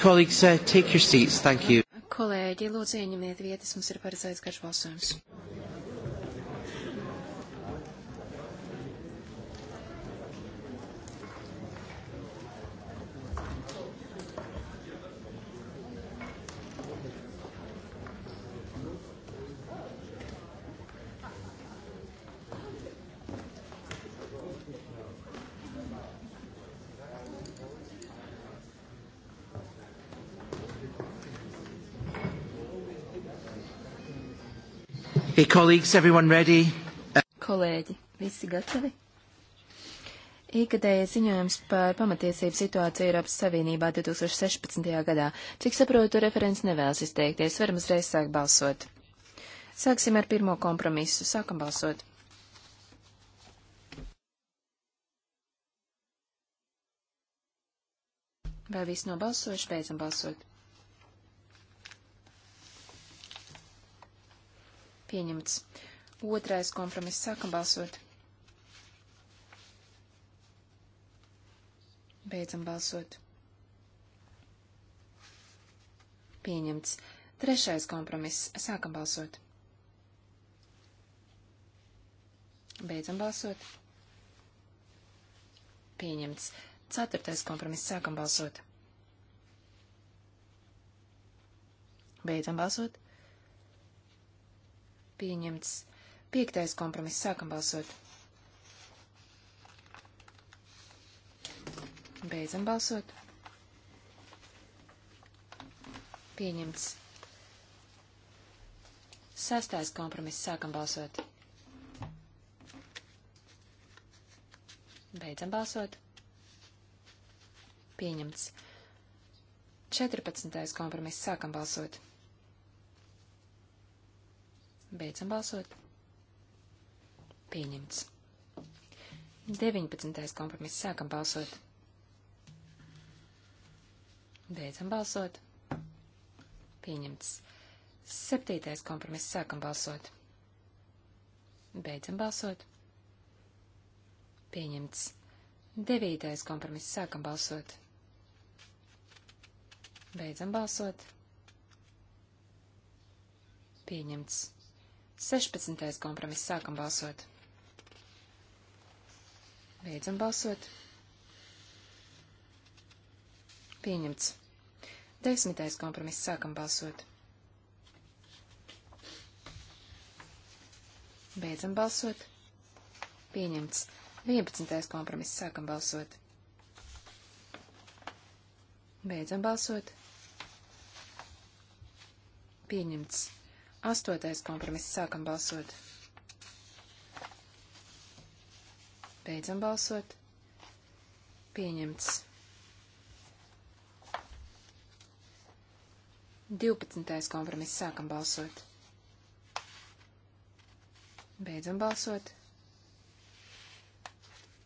Colleagues, uh, take your seats. Thank you. Kolēģi, lūdzu ieņemiet vietas, mums ir paredzēts garš balsojums. Hey, colleagues, everyone ready? Kolēģi, visi gatavi? Ikadēja ziņojums par pamatiesību situāciju Eiropas Savienībā 2016. gadā. Cik saprotu, referents nevēlas izteikties. Varam uzreiz sākt balsot. Sāksim ar pirmo kompromisu. Sākam balsot. Vai viss nobalsojuši? Beidzam balsot. Pieņemts. Otrais kompromiss. Sākam balsot. Beidzam balsot. Pieņemts. Trešais kompromiss. Sākam balsot. Beidzam balsot. Pieņemts. Ceturtais kompromiss. Sākam balsot. Beidzam balsot pieņemts. Piektais kompromiss. Sākam balsot. Beidzam balsot. Pieņemts. Sastais kompromiss. Sākam balsot. Beidzam balsot. Pieņemts. 14. kompromiss. Sākam balsot. Beidzam balsot. Pieņemts. 19. kompromiss. Sākam balsot. Beidzam balsot. Pieņemts. 7. kompromiss. Sākam balsot. Beidzam balsot. Pieņemts. 9. kompromiss. Sākam balsot. Beidzam balsot. Pieņemts. 16. kompromiss. Sākam balsot. Beidzam balsot. Pieņemts. 10. kompromiss. Sākam balsot. Beidzam balsot. Pieņemts. 11. kompromiss. Sākam balsot. Beidzam balsot. Pieņemts. Astotais kompromiss. Sākam balsot. Beidzam balsot. Pieņemts. 12. kompromiss. Sākam balsot. Beidzam balsot.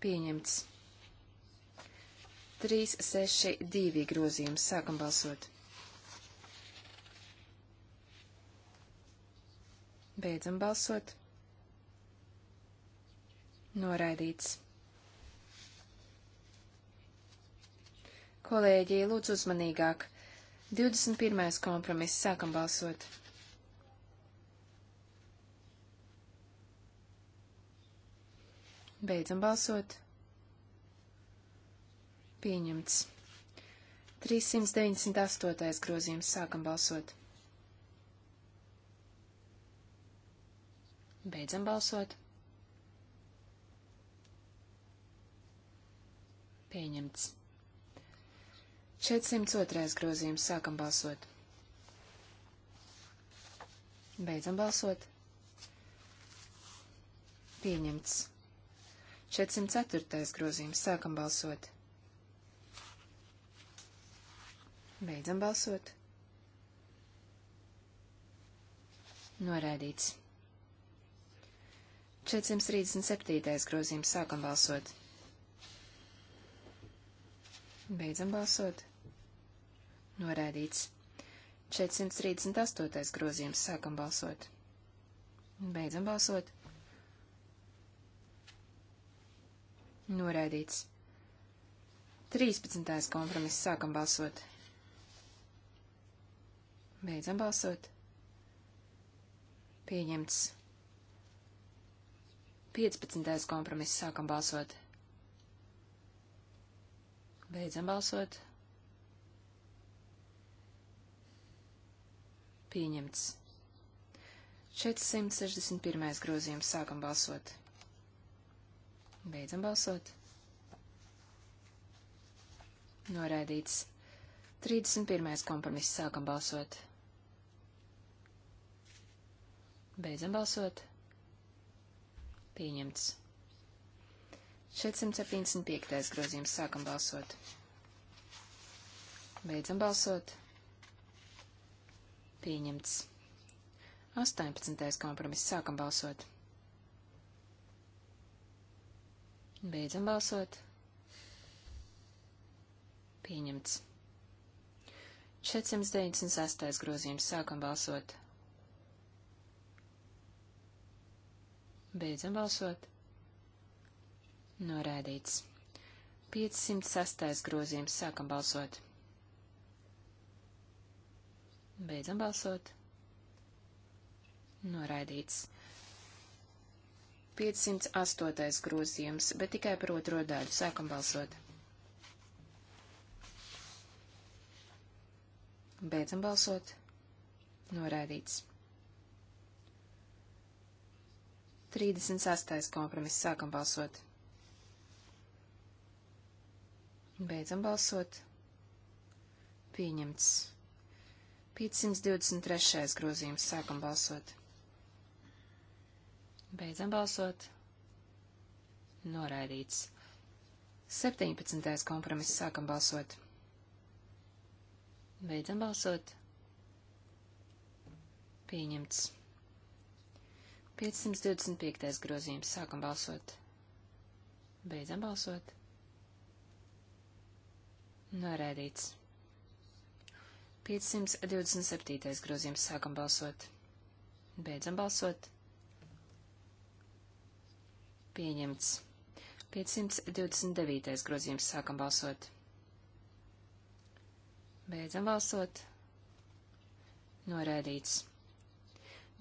Pieņemts. 3, 6, 2 grozījums. Sākam balsot. Beidzam balsot. Noraidīts. Kolēģi, lūdzu uzmanīgāk. 21. kompromiss. Sākam balsot. Beidzam balsot. Pieņemts. 398. grozījums. Sākam balsot. Beidzam balsot. Pieņemts. 402. grozījums. Sākam balsot. Beidzam balsot. Pieņemts. 404. grozījums. Sākam balsot. Beidzam balsot. Noraidīts. 437. grozījums sākam balsot. Beidzam balsot. Noraidīts. 438. grozījums sākam balsot. Beidzam balsot. Noraidīts. 13. kompromiss sākam balsot. Beidzam balsot. Pieņemts. 15. kompromiss sākam balsot. Beidzam balsot. Pieņemts. 461. grozījums sākam balsot. Beidzam balsot. Noraidīts. 31. kompromiss sākam balsot. Beidzam balsot. Pieņemts. 475. grozījums. Sākam balsot. Beidzam balsot. Pieņemts. 18. kompromiss. Sākam balsot. Beidzam balsot. Pieņemts. 496. grozījums. Sākam balsot. Beidzam balsot. Norādīts. 506. grozījums. Sākam balsot. Beidzam balsot. Noraidīts. 508. grozījums, bet tikai par otro daļu. Sākam balsot. Beidzam balsot. Noraidīts. 36. kompromiss. Sākam balsot. Beidzam balsot. Pieņemts. 523. grozījums. Sākam balsot. Beidzam balsot. Noraidīts. 17. kompromiss. Sākam balsot. Beidzam balsot. Pieņemts. 525. grozījums. Sākam balsot. Beidzam balsot. Norēdīts. 527. grozījums. Sākam balsot. Beidzam balsot. Pieņemts. 529. grozījums. Sākam balsot. Beidzam balsot. Norēdīts.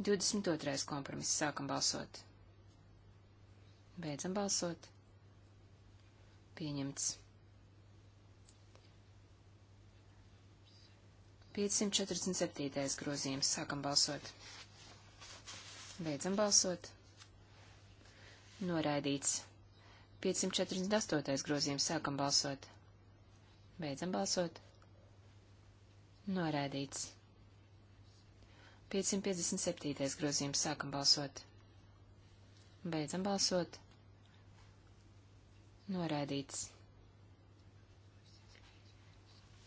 22. kompromiss. Sākam balsot. Beidzam balsot. Pieņemts. 547. grozījums. Sākam balsot. Beidzam balsot. Noraidīts. 548. grozījums. Sākam balsot. Beidzam balsot. Noraidīts. 557. grozījums sākam balsot. Beidzam balsot. Norādīts.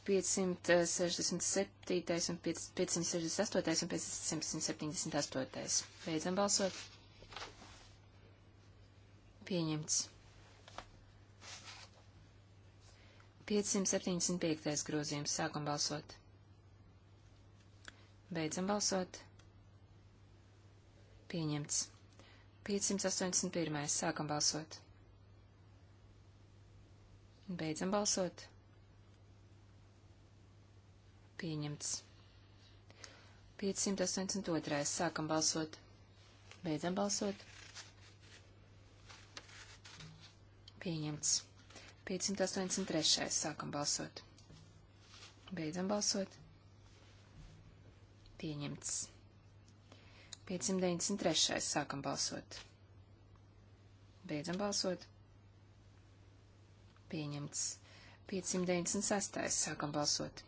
567. un 568. un 578. Beidzam balsot. Pieņemts. 575. grozījums sākam balsot. Beidzam balsot. Pieņemts. 581. Sākam balsot. Beidzam balsot. Pieņemts. 582. Sākam balsot. Beidzam balsot. Pieņemts. 583. Sākam balsot. Beidzam balsot. Pieņemts. 593. Sākam balsot. Beidzam balsot. Pieņemts. 596. Sākam balsot.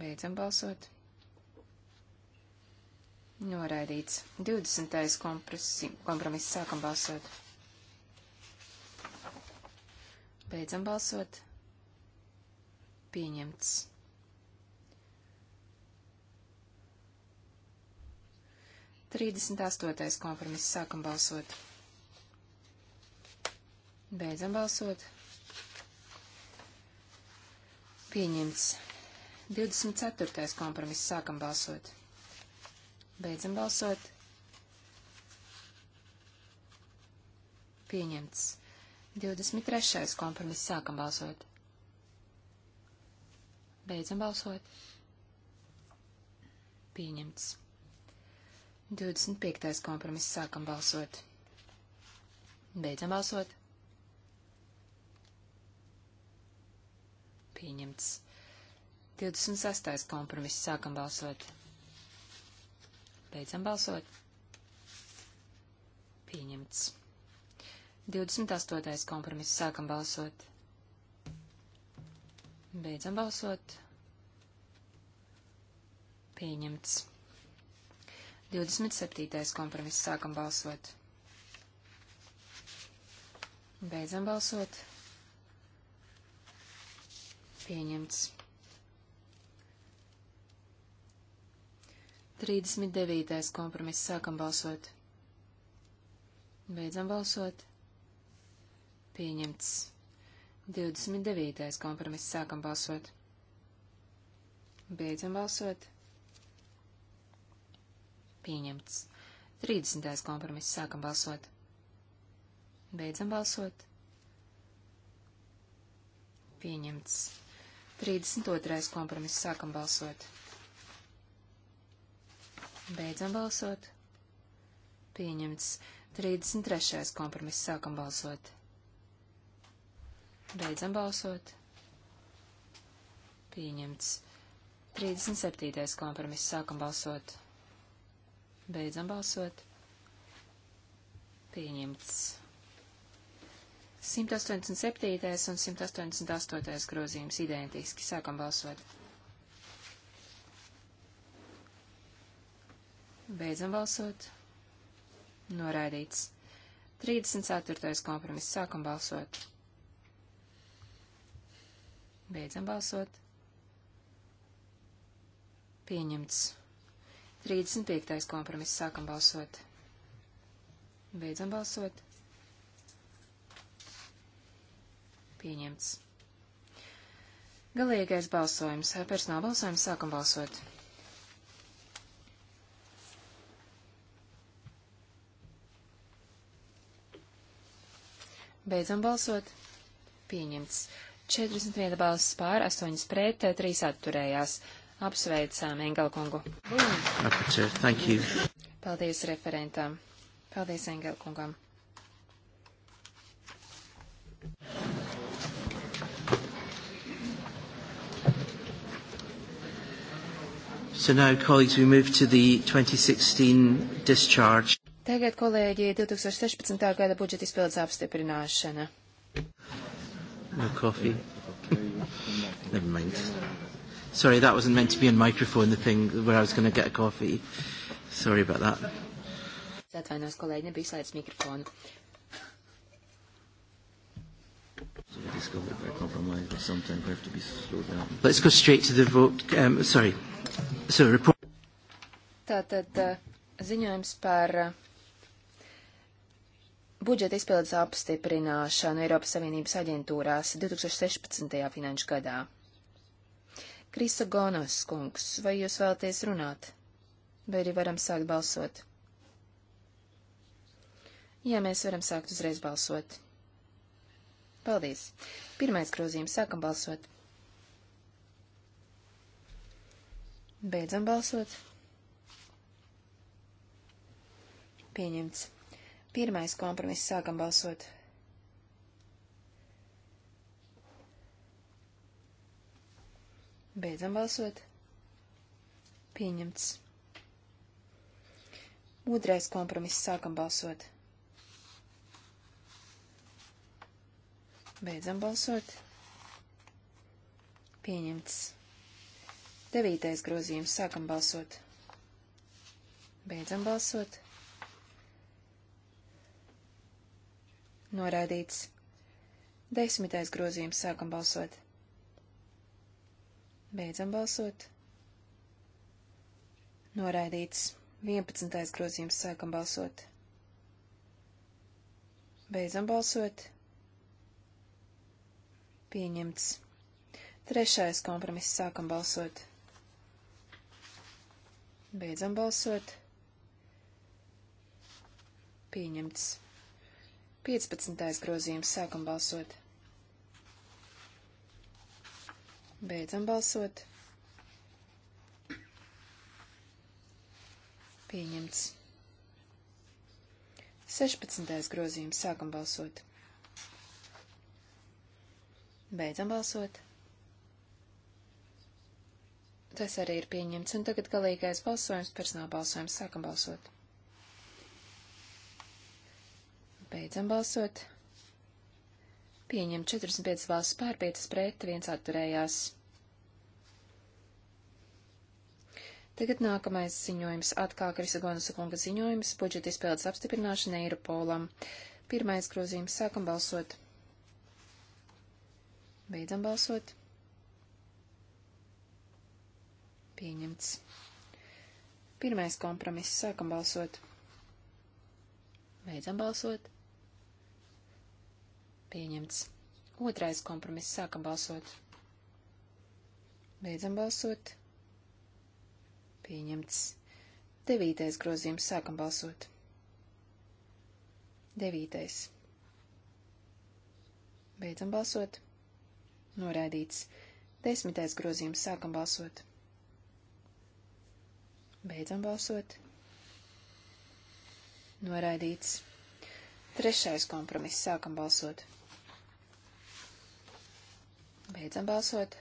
Beidzam balsot. Noraidīts. 20. kompromiss. Sākam balsot. Beidzam balsot. Pieņemts. 38. kompromiss. Sākam balsot. Beidzam balsot. Pieņemts. 24. kompromiss. Sākam balsot. Beidzam balsot. Pieņemts. 23. kompromiss. Sākam balsot. Beidzam balsot. Pieņemts. 25. kompromiss sākam balsot. Beidzam balsot. Pieņemts. 26. kompromiss sākam balsot. Beidzam balsot. Pieņemts. 28. kompromiss sākam balsot. Beidzam balsot. Pieņemts. 27. kompromiss sākam balsot. Beidzam balsot. Pieņemts. 39. kompromiss sākam balsot. Beidzam balsot. Pieņemts. 29. kompromiss sākam balsot. Beidzam balsot. Pieņemts. 30. kompromiss. Sākam balsot. Beidzam balsot. Pieņemts. 32. kompromiss. Sākam balsot. Beidzam balsot. Pieņemts. 33. kompromiss. Sākam balsot. Beidzam balsot. Pieņemts. 37. kompromiss. Sākam balsot. Beidzam balsot. Pieņemts. 187. un 188. grozījums identiski. Sākam balsot. Beidzam balsot. Noraidīts. 34. kompromiss. Sākam balsot. Beidzam balsot. Pieņemts. 35. kompromiss. Sākam balsot. Beidzam balsot. Pieņemts. Galīgais balsojums. Personāla balsojums. Sākam balsot. Beidzam balsot. Pieņemts. 41 balsis pār, 8 pret, 3 atturējās. Apsveicām Engelkungu. Paldies referentam. Paldies Engelkungam. So now, colleagues, we move to the 2016 discharge. Tagad, kolēģi, 2016. gada budžeta izpildes apstiprināšana. No coffee. Never mind. Sorry, that wasn't meant to be on microphone, the thing where I was going to get a coffee. Sorry about that. Atvainojos, kolēģi, nebija izslēdzis mikrofonu. So we discovered by compromise that sometimes we have to be slowed down. Let's go straight to the vote. Um, sorry. So report. Tātad uh, ziņojums par uh, budžeta izpildes apstiprināšanu Eiropas Savienības aģentūrās 2016. finanšu gadā. Krisa Gonas kungs, vai jūs vēlaties runāt? Vai arī varam sākt balsot? Jā, mēs varam sākt uzreiz balsot. Paldies. Pirmais grozījums. Sākam balsot. Beidzam balsot. Pieņemts. Pirmais kompromiss. Sākam balsot. Beidzam balsot. Pieņemts. Mudrais kompromiss. Sākam balsot. Beidzam balsot. Pieņemts. Devītais grozījums. Sākam balsot. Beidzam balsot. Noraidīts. Desmitais grozījums. Sākam balsot. Beidzam balsot. Noraidīts. 11. grozījums sākam balsot. Beidzam balsot. Pieņemts. Trešais kompromiss sākam balsot. Beidzam balsot. Pieņemts. 15. grozījums sākam balsot. Beidzam balsot. Pieņemts. 16. grozījums. Sākam balsot. Beidzam balsot. Tas arī ir pieņemts, un tagad galīgais balsojums, personāla balsojums. Sākam balsot. Beidzam balsot pieņemt 45 valsts pār 5 pret, 1 atturējās. Tagad nākamais ziņojums atkal Krisagonas kunga ziņojums budžeta izpildes apstiprināšana Eiropolam. Pirmais grozījums sākam balsot. Beidzam balsot. Pieņemts. Pirmais kompromiss sākam balsot. Beidzam balsot. Pieņemts. Otrais kompromiss. Sākam balsot. Beidzam balsot. Pieņemts. Devītais grozījums. Sākam balsot. Devītais. Beidzam balsot. Noraidīts. Desmitais grozījums. Sākam balsot. Beidzam balsot. Noraidīts. Trešais kompromiss. Sākam balsot. Beidzam balsot.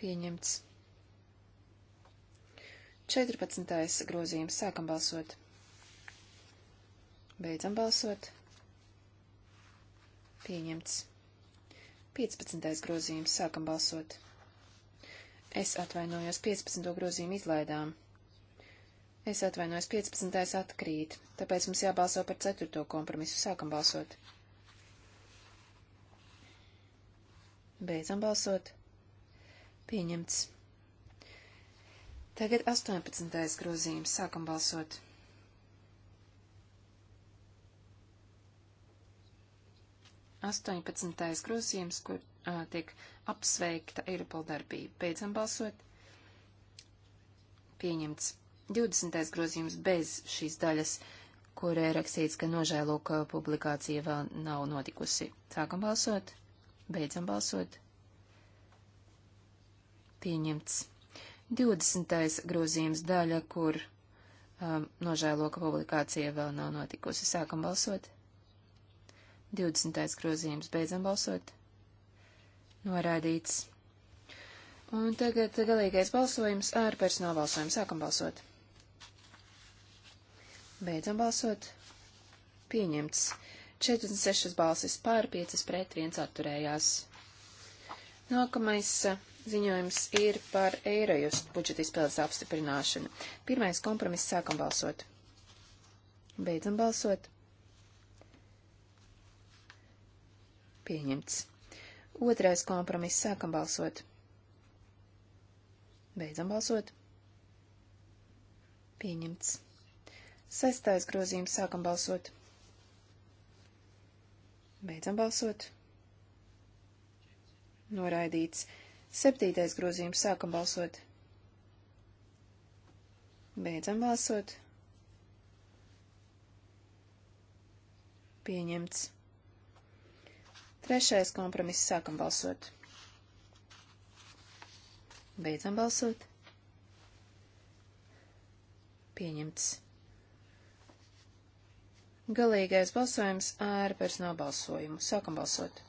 Pieņemts. 14. grozījums. Sākam balsot. Beidzam balsot. Pieņemts. 15. grozījums. Sākam balsot. Es atvainojos 15. grozījumu izlaidām. Es atvainojos 15. atkrīt, tāpēc mums jābalso par 4. kompromisu. Sākam balsot. Beidzam balsot. Pieņemts. Tagad 18. grozījums. Sākam balsot. Astoņpadsmitais grozījums, kur uh, tiek apsveikta Eiropola darbība. Beidzam balsot. Pieņemts. 20. grozījums bez šīs daļas, kur ir rakstīts, ka nožēlo, ka publikācija vēl nav notikusi. Sākam balsot. Beidzam balsot. Pieņemts. 20. grozījums daļa, kur um, nožēlo, ka publikācija vēl nav notikusi. Sākam balsot. 20. grozījums. Beidzam balsot. Norādīts. Un tagad galīgais balsojums ar personāla balsojumu. Sākam balsot. Beidzam balsot. Pieņemts. 46 balsis pār, 5 pret, 1 atturējās. Nākamais eh, ziņojums ir par Eirojust budžeta izpildes apstiprināšanu. Pirmais kompromiss sākam balsot. Beidzam balsot. Pieņemts. Otrais kompromiss sākam balsot. Beidzam balsot. Pieņemts. Sestais grozījums sākam balsot. Beidzam balsot. Noraidīts. Septītais grozījums. Sākam balsot. Beidzam balsot. Pieņemts. Trešais kompromiss. Sākam balsot. Beidzam balsot. Pieņemts. Galīgais balsojums ar personālu balsojumu. Sākam balsot.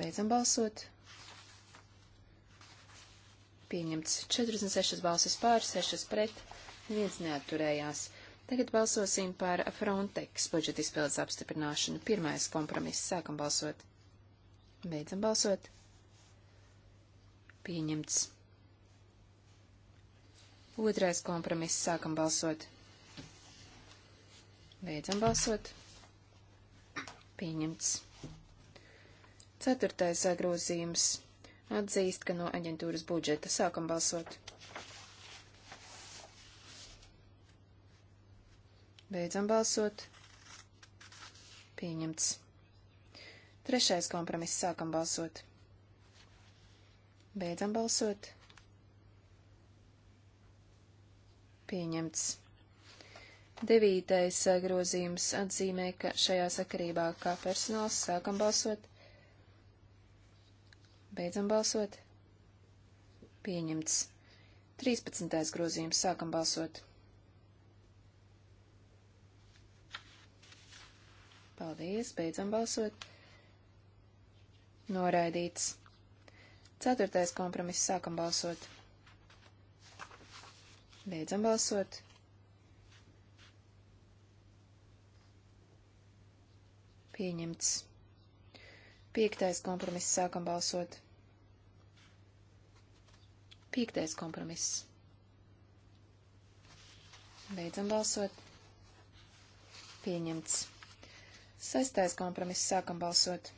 Beidzam balsot. Pieņemts 46 balsis pār, 6 pret, neviens neatturējās. Tagad balsosim par Frontex budžeta izpildes apstiprināšanu. Pirmais kompromiss. Sākam balsot. Beidzam balsot. Pieņemts. Otrais kompromiss. Sākam balsot. Beidzam balsot. Pieņemts. Ceturtais grozījums. Atzīst, ka no aģentūras budžeta sākam balsot. Beidzam balsot. Pieņemts. Trešais kompromiss. Sākam balsot. Beidzam balsot. Pieņemts. Devītais eh, grozījums atzīmē, ka šajā sakarībā kā personāls sākam balsot, beidzam balsot, pieņemts. 13. grozījums sākam balsot. Paldies, beidzam balsot. Noraidīts. Ceturtais kompromiss sākam balsot. Beidzam balsot Pieņemts. Piektais kompromiss. Sākam balsot. Piektais kompromiss. Beidzam balsot. Pieņemts. Sestais kompromiss. Sākam balsot.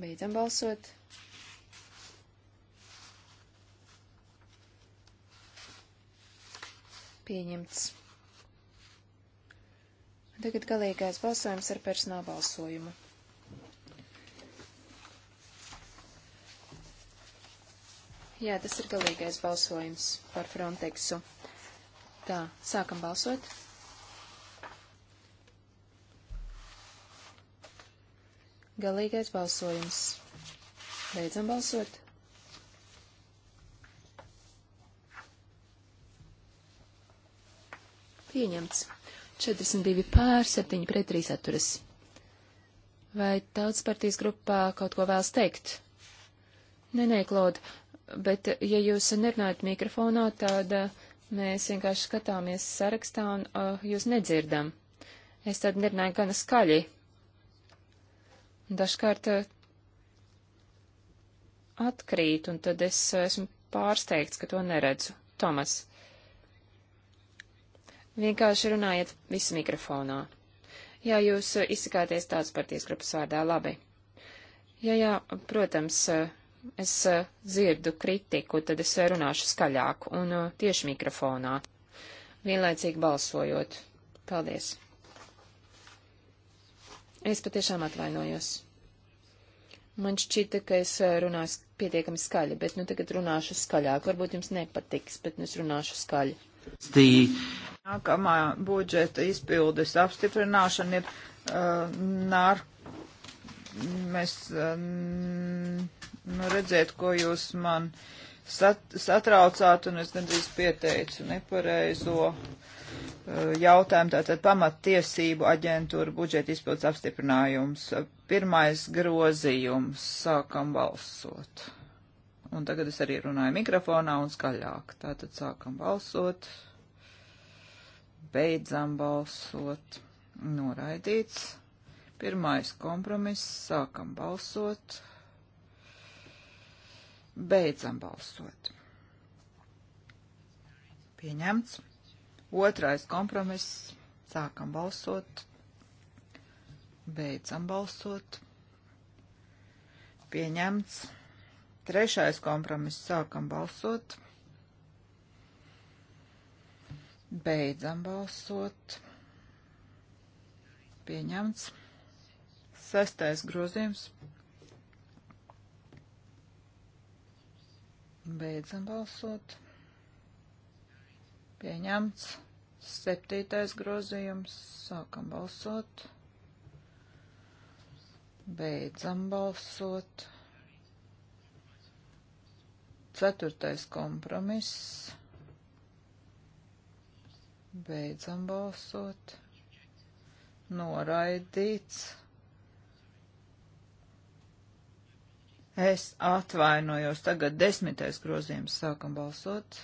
Beidzam balsot. Pieņemts. Tagad galīgais balsojums ar personālu balsojumu. Jā, tas ir galīgais balsojums par Frontexu. Tā, sākam balsot. Galīgais balsojums. Beidzam balsot. Pieņemts. 42 pār, 7 pret 3 atturas. Vai tautas partijas grupā kaut ko vēlas teikt? Nē, nē, Klod, bet ja jūs nerunājat mikrofonā, tad eh, mēs vienkārši skatāmies sarakstā un uh, jūs nedzirdam. Es tad nerunāju gana skaļi. Dažkārt uh, atkrīt, un tad es esmu pārsteigts, ka to neredzu. Tomas. Vienkārši runājiet visu mikrofonā. Jā, jūs eh, izsakāties tāds partijas grupas vārdā labi. Jā, jā, protams, eh, es eh, dzirdu kritiku, tad es runāšu skaļāk un tieši mikrofonā, vienlaicīgi balsojot. Paldies! Es patiešām atvainojos. Man šķita, ka es runāju pietiekami skaļi, bet nu tagad runāšu skaļāk. Varbūt jums nepatiks, bet nu es runāšu skaļi. The... Nākamā budžeta izpildes apstiprināšana ir uh, nār. Mēs uh, nu redzēt, ko jūs man sat, satraucāt, un es gandrīz pieteicu nepareizo uh, jautājumu, tātad pamattiesību aģentūra budžeta izpildes apstiprinājums. Pirmais grozījums, sākam balsot. Un tagad es arī runāju mikrofonā un skaļāk. Tātad sākam balsot, beidzam balsot, noraidīts. Pirmais kompromiss, sākam balsot, beidzam balsot. Pieņemts. Otrais kompromiss, sākam balsot, beidzam balsot. Pieņemts. Trešais kompromiss. Sākam balsot. Beidzam balsot. Pieņemts. Sestais grozījums. Beidzam balsot. Pieņemts. Septītais grozījums. Sākam balsot. Beidzam balsot. Ceturtais kompromiss. Beidzam balsot. Noraidīts. Es atvainojos. Tagad desmitais grozījums. Sākam balsot.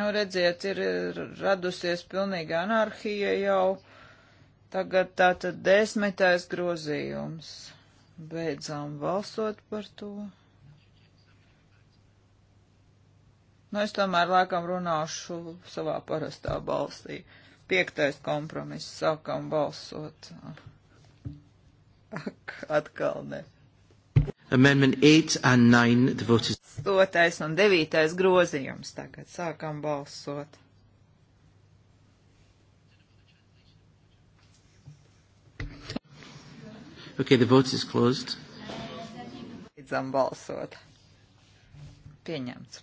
Nu, redziet, ir radusies pilnīga anarhija jau. Tagad tātad desmitais grozījums. Beidzām balsot par to. Nu, es tomēr laikam runāšu savā parastā balsī. Piektais kompromiss sākam balsot. Ak, atkal ne. Amendment 8 and 9, the vote is. Stotais un devītais grozījums tagad sākam balsot. Okay, the vote is closed. Beidzam balsot. Pieņemts.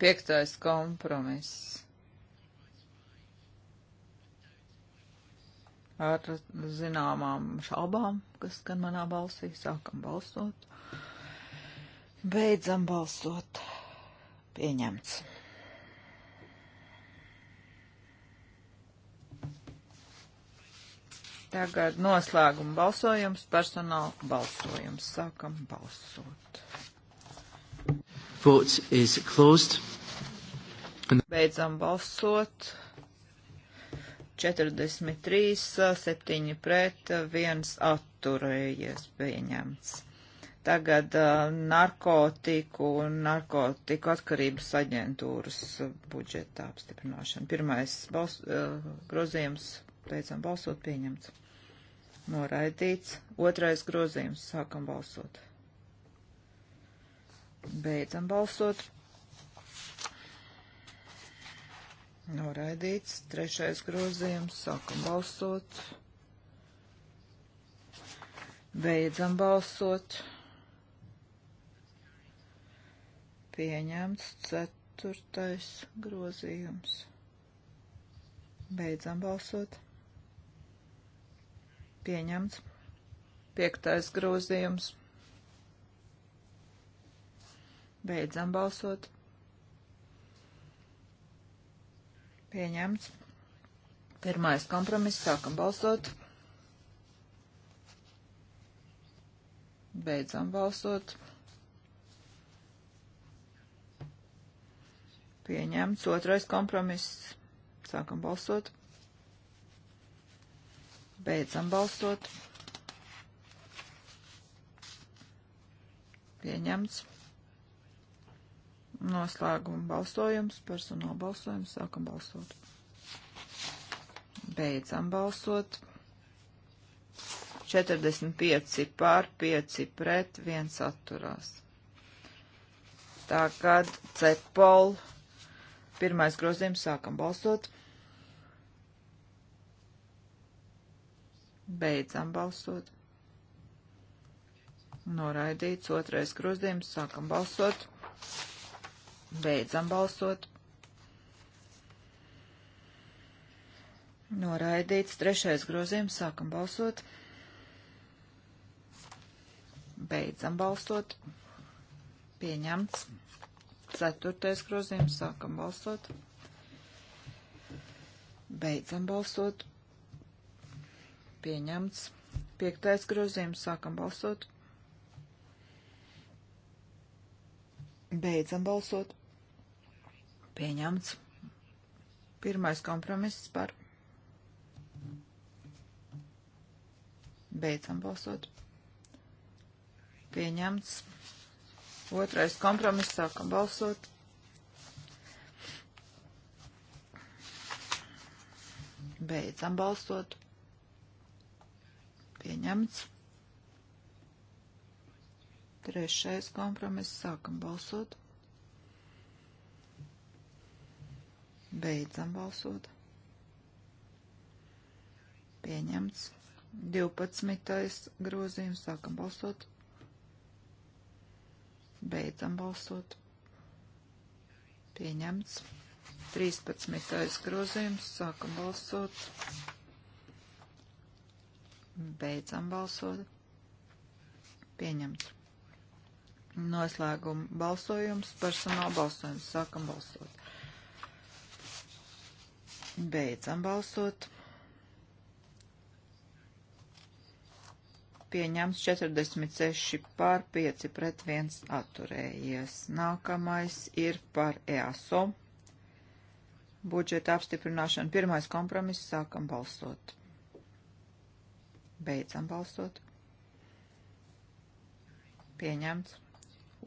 Piektais kompromiss. ar zināmām šaubām, kas skan manā balsī. Sākam balsot. Beidzam balsot. Pieņemts. Tagad noslēguma balsojums, personāla balsojums. Sākam balsot. Vote is closed. Beidzam balsot. 43, 7 pret, 1 atturējies pieņemts. Tagad uh, narkotiku un narkotiku atkarības aģentūras budžeta apstiprināšana. Pirmais bals, uh, grozījums beidzam balsot pieņemts. Noraidīts. Otrais grozījums sākam balsot. Beidzam balsot Noraidīts. Trešais grozījums. Sākam balsot. Beidzam balsot. Pieņemts ceturtais grozījums. Beidzam balsot. Pieņemts. Piektais grozījums. Beidzam balsot. Pieņemts. Pirmais kompromiss. Sākam balsot. Beidzam balsot. Pieņemts. Otrais kompromiss. Sākam balsot. Beidzam balsot. Pieņemts. Noslēguma balsojums, personāla balsojums, sākam balsot. Beidzam balsot. 45 pār, 5 pret, 1 atturās. Tagad cepol. Pirmais grozījums, sākam balsot. Beidzam balsot. Noraidīts otrais grozījums, sākam balsot. Beidzam balsot. Noraidīts trešais grozījums. Sākam balsot. Beidzam balsot. Pieņemts. Ceturtais grozījums. Sākam balsot. Beidzam balsot. Pieņemts. Piektais grozījums. Sākam balsot. Beidzam balsot. Pieņemts. Pirmais kompromiss par. Beidzam balsot. Pieņemts. Otrais kompromiss. Sākam balsot. Beidzam balsot. Pieņemts. Trešais kompromiss. Sākam balsot. Pieņemts. Beidzam balsot. Pieņemts. 12. grozījums. Sākam balsot. Beidzam balsot. Pieņemts. 13. grozījums. Sākam balsot. Beidzam balsot. Pieņemts. Noslēguma balsojums. Personāla balsojums. Sākam balsot. Beidzam balsot. Pieņemts 46 pār 5 pret 1 atturējies. Nākamais ir par EASO. Budžeta apstiprināšana. Pirmais kompromiss. Sākam balsot. Beidzam balsot. Pieņemts.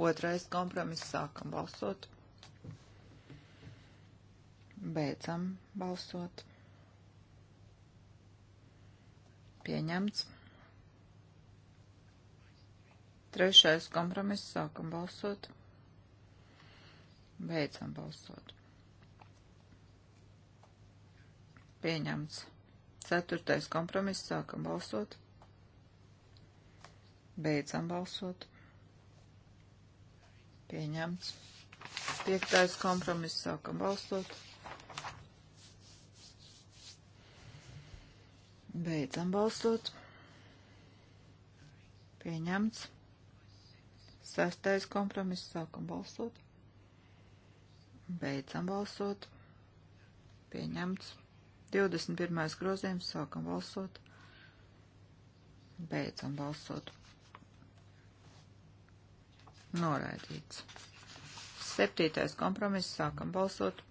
Otrais kompromiss. Sākam balsot. Beidzam balsot. Pieņemts. Trešais kompromiss. Sākam balsot. Beidzam balsot. Pieņemts. Ceturtais kompromiss. Sākam balsot. Beidzam balsot. Pieņemts. Piektais kompromiss. Sākam balsot. Beidzam balsot. Pieņemts. Sestais kompromiss. Sākam balsot. Beidzam balsot. Pieņemts. 21. grozījums. Sākam balsot. Beidzam balsot. Noraidīts. Septītais kompromiss. Sākam balsot.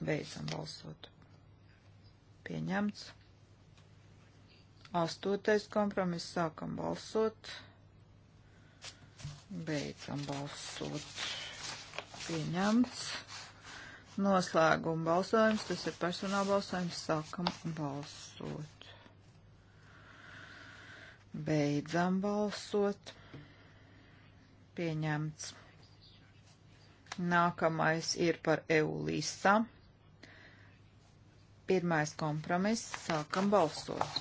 Beidzam balsot. Pieņemts. Astotais kompromiss. Sākam balsot. Beidzam balsot. Pieņemts. Noslēguma balsojums. Tas ir personāla balsojums. Sākam balsot. Beidzam balsot. Pieņemts. Nākamais ir par Eulīsa. Pirmais kompromiss. Sākam balsot.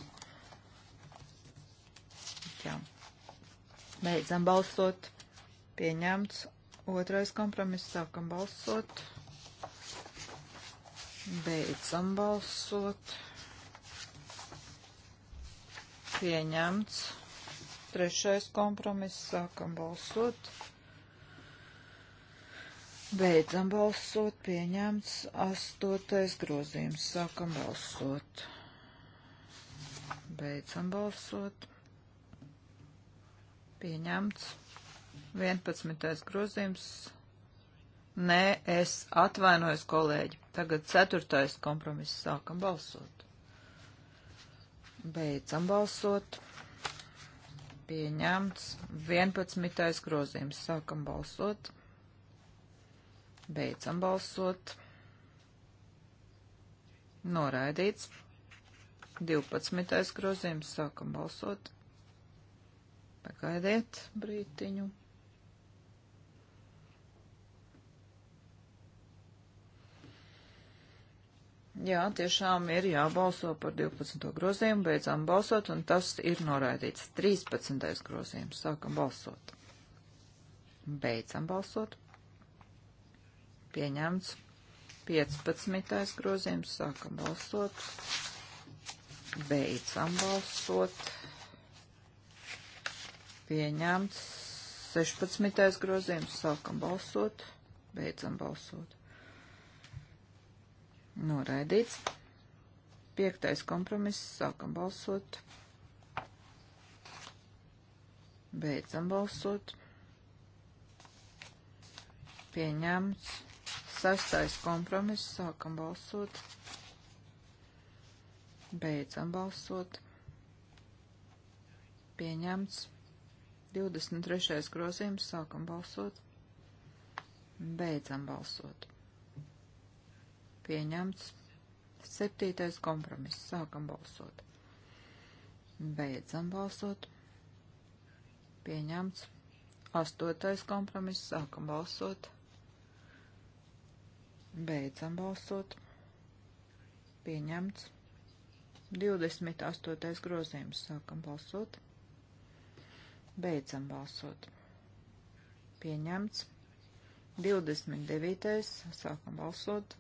Jā. Beidzam balsot. Pieņemts. Otrais kompromiss. Sākam balsot. Beidzam balsot. Pieņemts. Trešais kompromiss. Sākam balsot. Beidzam balsot, pieņemts astotais grozījums. Sākam balsot. Beidzam balsot. Pieņemts. 11. grozījums. Nē, es atvainojos, kolēģi. Tagad 4. kompromiss. Sākam balsot. Beidzam balsot. Pieņemts. 11. grozījums. Sākam balsot. Pieņemts. Beidzam balsot. Noraidīts. 12. grozījums. Sākam balsot. Pagaidiet brītiņu. Jā, tiešām ir jābalso par 12. grozījumu, beidzām balsot, un tas ir noraidīts. 13. grozījums, sākam balsot. Beidzam balsot pieņemts. 15. grozījums sākam balsot, beidzam balsot, pieņemts. 16. grozījums sākam balsot, beidzam balsot. Noraidīts. 5. kompromiss sākam balsot, beidzam balsot, pieņemts. Sastais kompromiss. Sākam balsot. Beidzam balsot. Pieņemts. 23. grozījums. Sākam balsot. Beidzam balsot. Pieņemts. 7. kompromiss. Sākam balsot. Beidzam balsot. Pieņemts. 8. kompromiss. Sākam balsot. Beidzam balsot. Pieņemts. 28. grozījums. Sākam balsot. Beidzam balsot. Pieņemts. 29. Sākam balsot.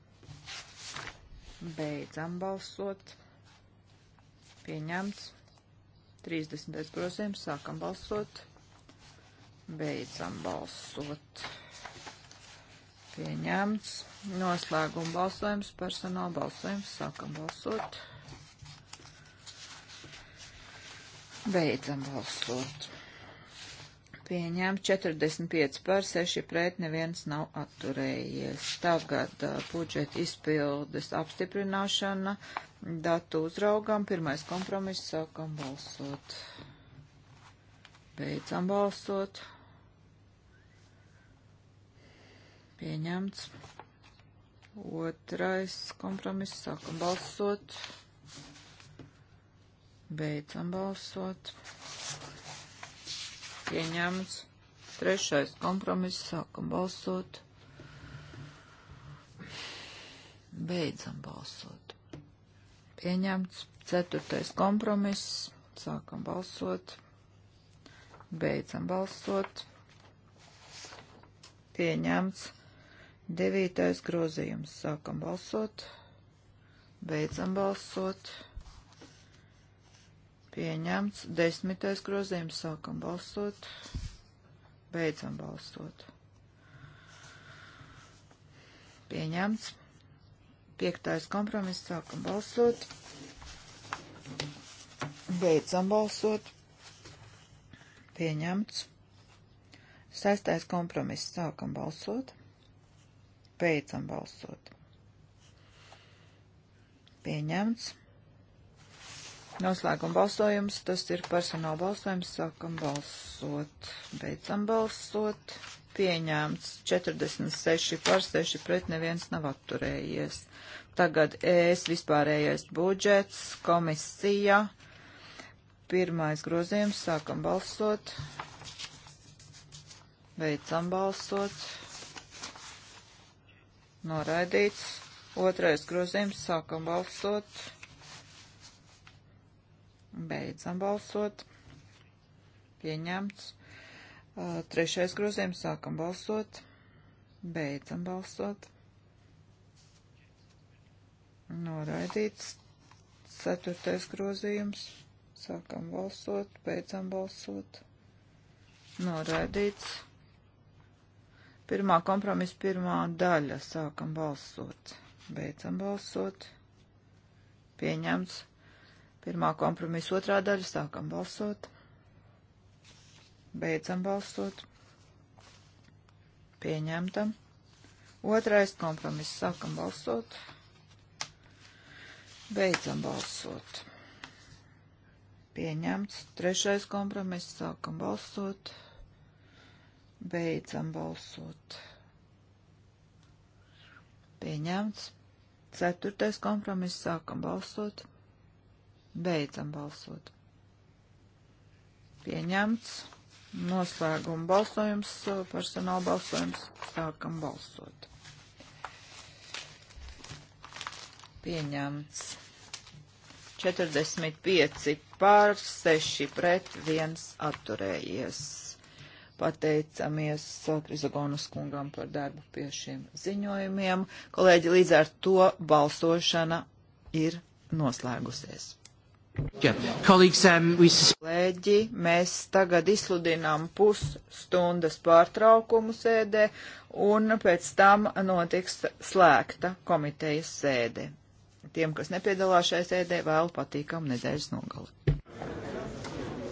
Beidzam balsot. Pieņemts. 30. grozījums. Sākam balsot. Beidzam balsot. Pieņemts. Noslēguma balsojums, personāla balsojums. Sākam balsot. Beidzam balsot. Pieņemt 45 par 6 pret neviens nav atturējies. Tagad uh, budžeta izpildes apstiprināšana. Datu uzraugam. Pirmais kompromiss. Sākam balsot. Beidzam balsot. Pieņemts. Otrais kompromiss. Sākam balsot. Beidzam balsot. Pieņemts. Trešais kompromiss. Sākam balsot. Beidzam balsot. Pieņemts. Ceturtais kompromiss. Sākam balsot. Beidzam balsot. Pieņemts. Devītais grozījums. Sākam balsot. Beidzam balsot. Pieņemts. Desmitais grozījums. Sākam balsot. Beidzam balsot. Pieņemts. Piektais kompromiss. Sākam balsot. Beidzam balsot. Pieņemts. Sestais kompromiss. Sākam balsot. Beidzam balsot. Pieņemts. Noslēguma balsojums, tas ir personāla balsojums, sākam balsot, beidzam balsot, pieņēmts 46 par 6 pret neviens nav atturējies. Tagad ES vispārējais budžets, komisija, pirmais grozījums, sākam balsot, beidzam balsot noraidīts. Otrais grozījums sākam balsot. Beidzam balsot. Pieņemts. Uh, trešais grozījums sākam balsot. Beidzam balsot. Noraidīts. Ceturtais grozījums. Sākam balsot. Beidzam balsot. Noraidīts. Pirmā kompromisa pirmā daļa. Sākam balsot. Beidzam balsot. Pieņemts. Pirmā kompromisa otrā daļa. Sākam balsot. Beidzam balsot. Pieņemta. Otrais kompromiss. Sākam balsot. Beidzam balsot. Pieņemts. Trešais kompromiss. Sākam balsot. Pieņemts. Beidzam balsot. Pieņemts. Ceturtais kompromiss. Sākam balsot. Beidzam balsot. Pieņemts. Noslēguma balsojums, uh, personāla balsojums. Sākam balsot. Pieņemts. 45 pār 6 pret 1 atturējies pateicamies Krizagonas kungam par darbu pie šiem ziņojumiem. Kolēģi, līdz ar to balsošana ir noslēgusies. Yeah. Um, we... Kolēģi, mēs tagad izsludinām pusstundas pārtraukumu sēdē un pēc tam notiks slēgta komitejas sēde. Tiem, kas nepiedalās šai sēdē, vēl patīkam nedēļas nogali.